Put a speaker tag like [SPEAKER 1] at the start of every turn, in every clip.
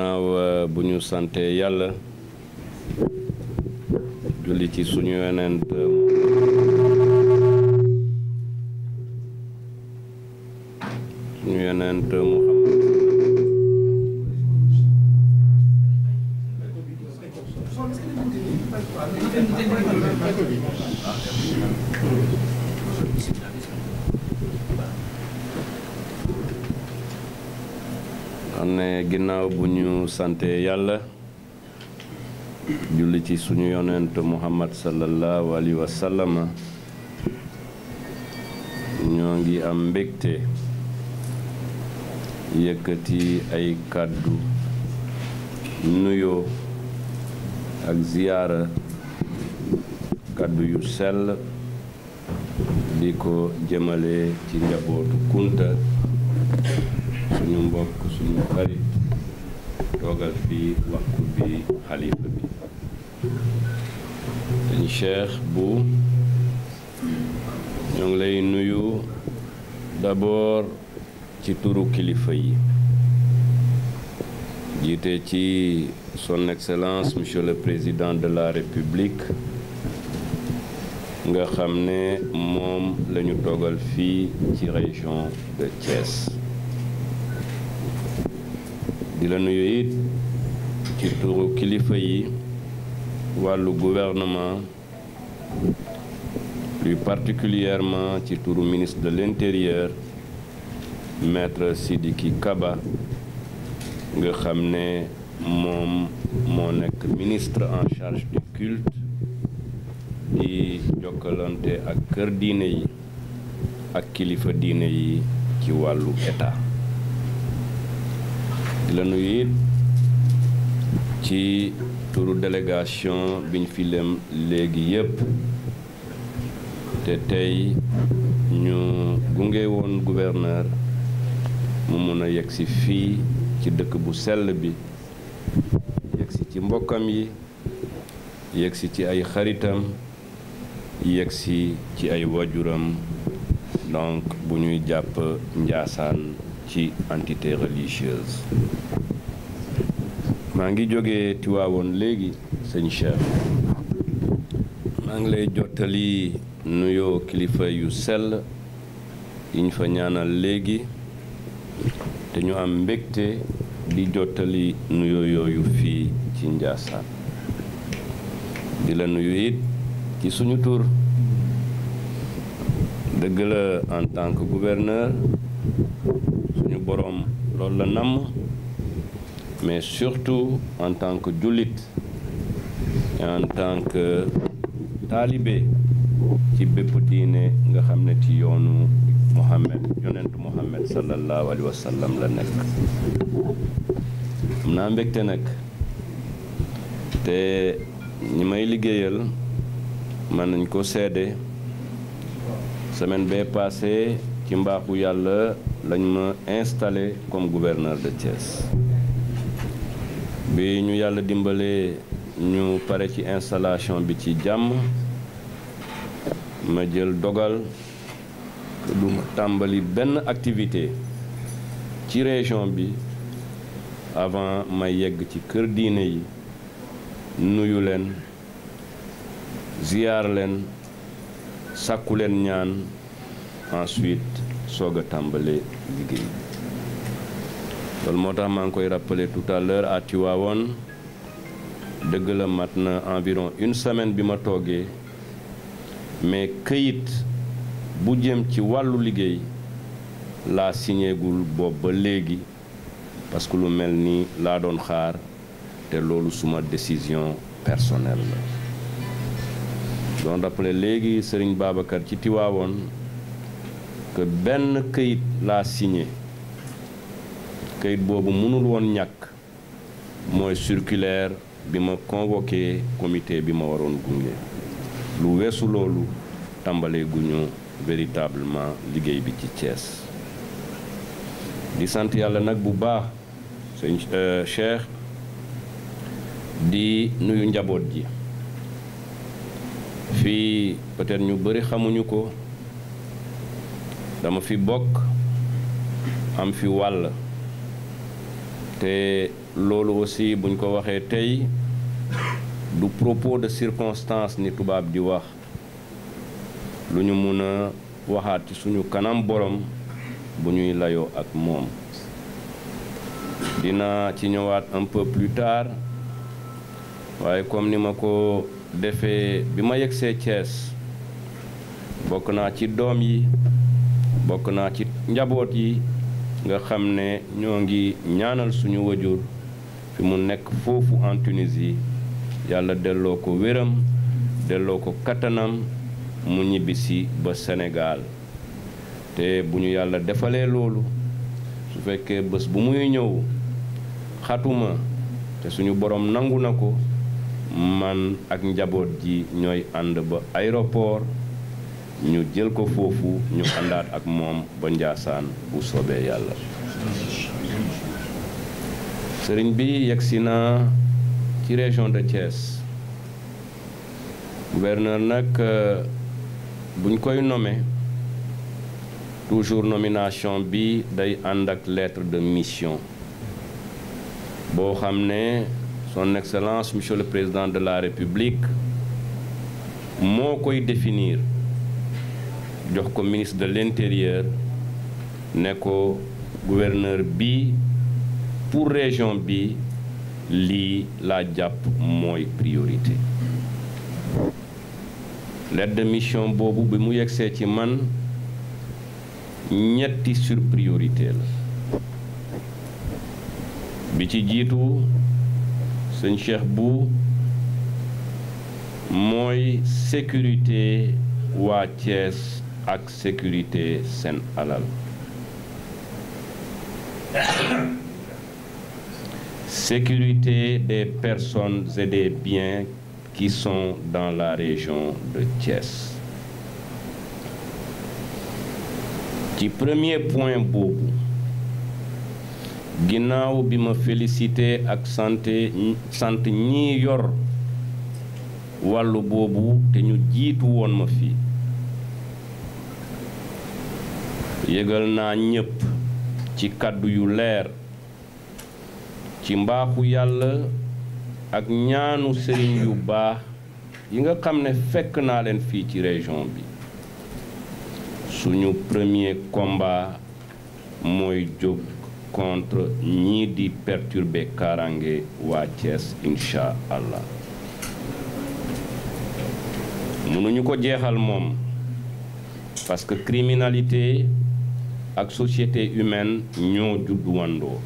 [SPEAKER 1] ginnaaw euh, bu ñu sante yàlla julli ci suñu yonent euh, suñu yonent euh, Muhammad ne ginnaaw bu ñu santee yàlla julli ci suñu yonent muhammad sallallahu alayhi wa ñoo ngi am mbégte yëkkati ay kàddu nuyoo ak ziyaara kàddu yu sell di ko jëmalee ci njabootu kunta suñu mbokk suñu bi xalifa bu ñoo ngi lay nuyu d'abord ci turu kilifa yi jiite ci son excellence monsieur le président de la république nga xam ne moom lañu ñu toogal fii ci région de Thiès di la nuyu it ci turu kilifa yi wàllu gouvernement plus particulièrement ci turu ministre de l'intérieur maître Sidiki Kaba nga xam ne moom moo nekk ministre en charge du culte di jokkalante ak kër diine yi ak kilifa diine yi ci wàllu état di it ci turu délégation biñ fi lem léegi yépp te tey ñu gunge woon gouverneur mu mun a yegsi fii ci dëkk bu sell bi yegsi ci mbokkam yi yegsi ci ay xaritam yegsi ci ay wajuram donc bu ñuy jàpp njaasaan ci entité religieuse maa ngi jógee Tiwaawoon léegi sëñ Cheikh maa ngi lay jottali nuyoo kilifa yu sell yiñ fa ñaanal léegi te ñu am mbegte di jottali nuyoo yooyu fii ci Njaasaan di la nuyu it ci suñu tur dëgg la en tant que loolu la namm mais surtout en tant que jullit et en tant que taalibe ci bépp diine nga xam ne ci yoonu Muhammad yonentu Muhammad sallallahu alayhi wa la nekk am naa mbégte nag te ñi may liggéeyal mën nañ ko seede semaine bee passé ci mbaaxu yàlla lañ ma installé comme gouverneur de Thiès bi ñu yàlla dimbalee ñu pare ci installation bi ci jàmm ma jël dogal du tàmbali benn activité ci région bi avant ma yegg ci kër diine yi nuyu leen ziyaar leen sàkku leen ñaan ensuite soog a tàmbale liggéey loolu moo tax maa ngi koy rappeler tout à l'heure dëgg la mat na environ une semaine bi ma toogee mais këyit bu jëm ci wàllu liggéey laa signéegul boobu ba léegi parce que lu mel ni laa doon xaar te loolu suma décision personnelle la doon rappelé léegi Serigne Babacar ci Tiwaawoon benn këyit laa signé kayit boobu mënul woon ñàkk mooy circulaire bi ma convoqué comité bi ma waroon gunge lu weesu loolu tàmbalee guñu véritablement liggéey bi ci Thiès di sant yàlla nag bu baax sëñ euh, Cheikh di nuyu njaboot ji fii peut-être ñu bari xamuñu ko dama fi bokk am fi wàll te loolu aussi buñ ko waxee tey du propos de circonstance ni tubaab di wax lu ñu mun a waxaat ci suñu kanam borom bu ñuy layoo ak moom dina ci ñëwaat un peu plus tard waaye comme ni ma ko defee bi ma yegsee Thiès bokk naa ci doom yi bokk naa ci njaboot yi nga xam ne ñoo ngi ñaanal suñu wajur fi mu nekk foofu en Tunisie yàlla delloo ko wéram delloo ko kattanam mu ñibbisi ba senegaal te bu ñu yàlla defalee loolu su fekkee bés bu muy ñëw xatuma te suñu borom nangu na ko man ak njaboot ji ñooy ànd ba aéroport ñu jël ko foofu ñu àndaat ak moom ba njaasaan bu soobee yàlla sëriñ bi yegsi naa ci région de Thiès gouverneur nag euh, buñ koy nommé toujours nomination bi day ànd ak lettre de mission boo xam ne son excellence monsieur le président de la république moo koy définir jox ko ministre de l'intérieur ne ko gouverneur bi pour région bi lii laa jàpp mooy priorité lettre de mission boobu bi mu yegsee ci man ñetti sur priorité la bi ci jiitu sëñ Cheikh bu mooy sécurité waa Thiès ak sécurité seen alal sécurité des personnes et des biens qui sont dans la région de Thiès ci premier point boobu ginnaaw bi ma félicité ak santé sant ñi yor wàllu boobu te ñu jiitu woon ma fii yëgal naa ñépp ci kàddu yu leer ci mbaaxu yàlla ak ñaanu sëriñ yu baax yi nga xam ne fekk naa leen fii ci région bi suñu premier komba mooy jóg contre ñii di perturber kaaraange waa cees incha allah mënuñu ko jeexal moom parce que criminalité ak société humaine ñoo judduwandoo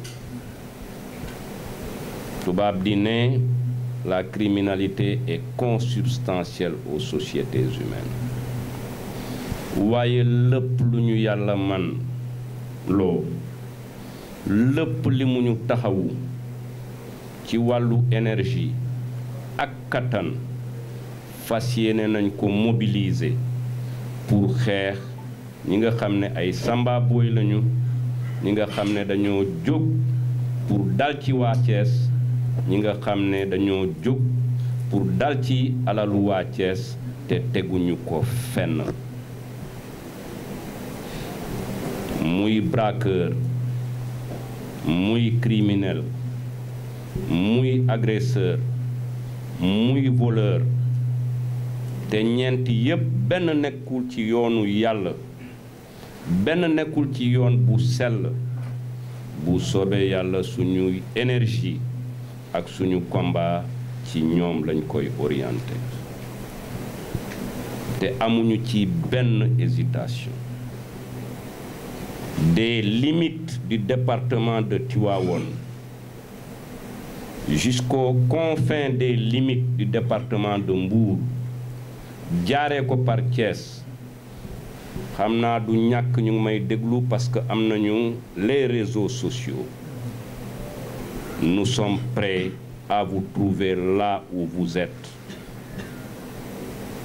[SPEAKER 1] tubaab di ne la criminalité est consubstantielle aux sociétés humaines waaye lépp lu ñu yàlla man loo lëpp li mu ñu taxawu ci wàllu énergie ak kattan fas yéene nañ ko mobiliser pour xeex ñi nga xam ne ay samba booy lañu ñi nga xam ne dañoo jóg pour dal ci waa ñi nga xam ne dañoo jóg pour dal ci alalu waa te teguñu ko fenn muy braqueur muy criminel muy agresseur muy voleur te ñeent yépp benn nekkul ci yoonu yàlla benn nekkul ci yoon bu sell bu soobee yàlla suñuy énergie ak suñu komba ci ñoom lañ koy orienté te amuñu ci benn hésitation des limites du departement de Tivaouane jusqu'aux confins de limites du département de Mbour jaaree ko par Thiès xam naa du ñàkk ñu ngi may déglu parce que am nañu les réseaux sociaux nous sommes prêts à vous trouver là où vous êtes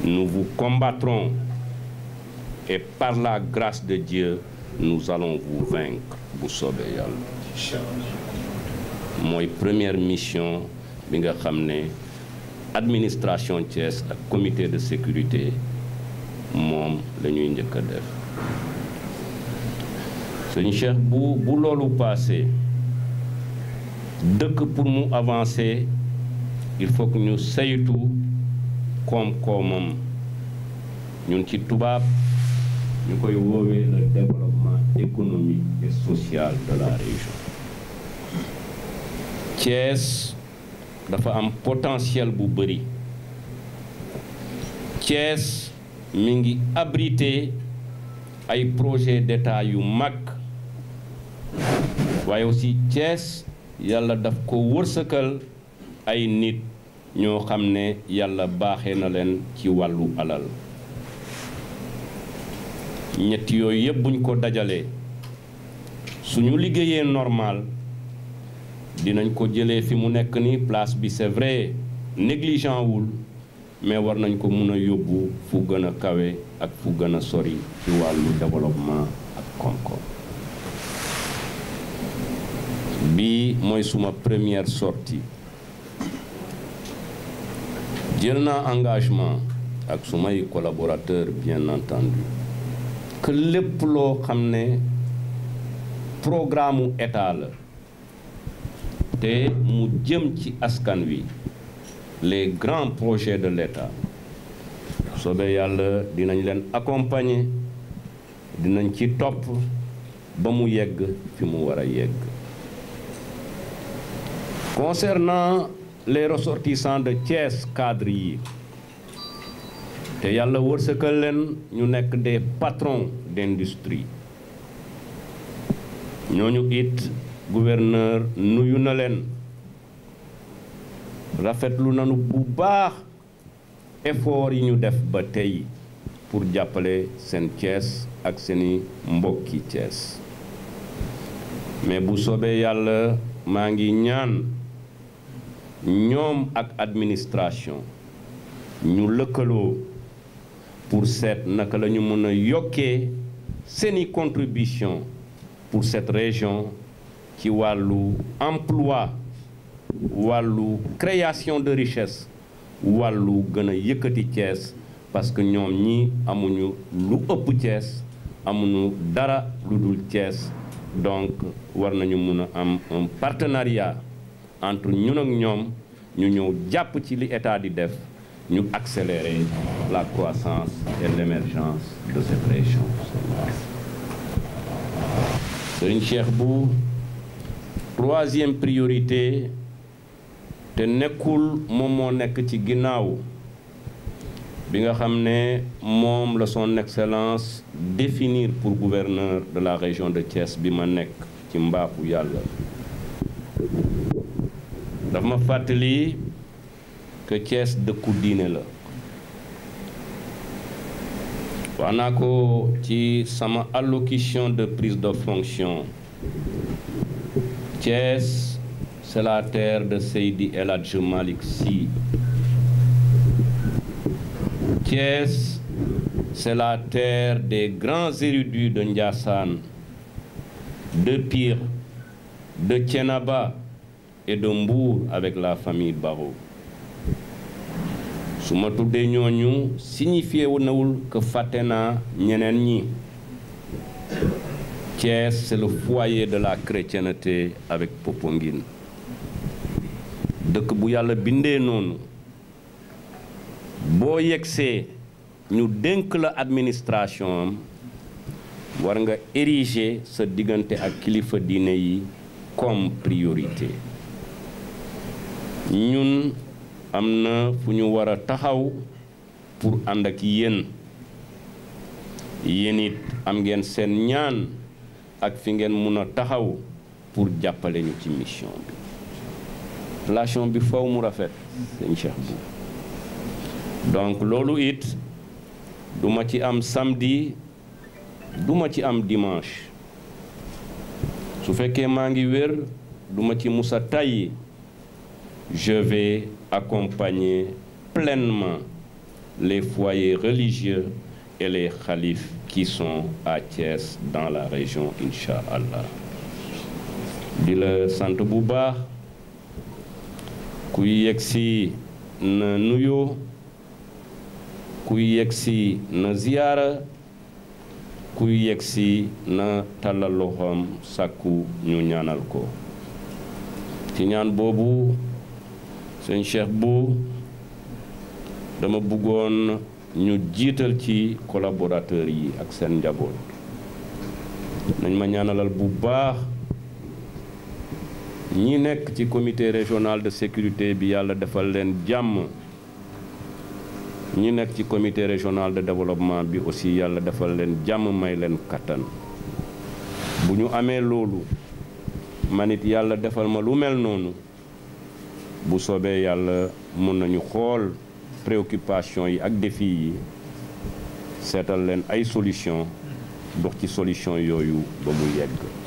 [SPEAKER 1] nous vous combattrons et par la grâce de Dieu nous allons vous vaincre bu soobee yàlla mooy première mission bi nga xam ne administration Thiès ak comité de sécurité moom lañuy ñuy njëkk a def sëñ Cheikh bu bu loolu passé dëkk pour mu avancer il faut que ñu saytu koom-koomam ñun ci tubaab ñu koy woowee le développement économique et social de la région Thiès dafa am potentiel bu bëri Thiès mi ngi abrité ay projet d'état yu mag waaye aussi Thiès yàlla daf ko wërsëkal ay nit ñoo xam ne yàlla baaxe na leen ci wàllu alal ñetti yooyu yëpp buñ ko dajalee suñu liggéeyee normal dinañ ko jëlee fi mu nekk ni place bi c'est vrai négligent wul mais war nañ ko mën a yóbbu fu gën a kawe ak fu gën a sori ci wàllu développement ak koom bii mooy suma première sortie jël naa engagement ak sumay collaborateur bien entendu que lépp loo xam ne programu état la te mu jëm ci askan wi les grands projets de l'État soobee yàlla dinañ leen accompagner dinañ ci topp ba mu yegg fi mu war a yegg concernant les ressortissants de Thiès cadre yi te yàlla wërsëkal leen ñu nekk des patrons d'industrie ñooñu it gouverneur nuyu na leen rafetlu nanu bu baax effort yi ñu def ba tey pour jàppale seen Thiès ak seeni mbokki Thiès mais bu soobee yàlla maa ngi ñaan ñoom ak administration ñu lëkkaloo pour seet naka la ñu mën a yokkee seeni contribution pour cette région ci wàllu emploi wàllu création de richesse wàllu gëna a yëkkati Thiès parce que ñoom ñi amuñu lu ëpp Thiès amuñu dara lu dul Thiès donc war nañu mun a am un partenariat entre ñun ak ñoom ñu ñëw jàpp ci li état di def ñu accélérer la croissance et l'émergence de cette région. te nekkul moom moo nekk ci ginnaaw bi nga xam ne moom la son excellence définir pour gouverneur de la région de Thiès bi ma nekk ci mbaaxu yàlla dafa ma fàttali que Thiès dëkku diine la wax naa ko ci sama allocution de prise de fonction Thiès c'est la terre de Seydi El Hadji Malick Sy. Thiès, c'est la terre des grands érudits de Ndiassane, de Pire, de Thiénaba et de Mbour avec la famille Baro. su ma tuddee ñooñu signifié wu nawul que fàtte naa ñeneen ñi. Thiès, c'est le foyer de la chrétienté avec Popenguine. dëkk bu yàlla bindee noonu boo yegsee ñu dénk la administration am war nga ériger sa diggante ak kilifa diine yi comme priorité ñun am na fu ñu war a taxaw pour ànd ak yéen yéen it am ngeen seen ñaan ak fi ngeen mun a taxaw pour jàppale ñu ci mission bi relation bi faw mu rafet sëñ Cheikh Bou donc loolu it du ma ci am samdi du ma ci am dimanche su fekkee maa ngi wér duma ci musa tàyyi je vais accompagner pleinement les foyers religieux et les khalifes qui sont à Thiès dans la région incha di la sant bu baax ku yegsi na nuyo ku yegsi na ziyaara ku yegsi na tàllal loxoom sàkku ñu ñaanal ko ci ñaan boobu sëñ Cheikh bu dama bëggoon ñu jiital ci collaborateur yi ak seen njaboot nañ ma ñaanalal bu baax ñi nekk ci comité régional de sécurité bi yàlla defal leen jàmm ñi nekk ci comité régional de développement bi aussi yàlla defal leen jàmm may leen kattan bu ñu amee loolu manit yàlla defal ma lu mel noonu bu soobee yàlla mun nañu xool préoccupation yi ak défi yi seetal leen ay solution dox ci solution yooyu ba mu yegg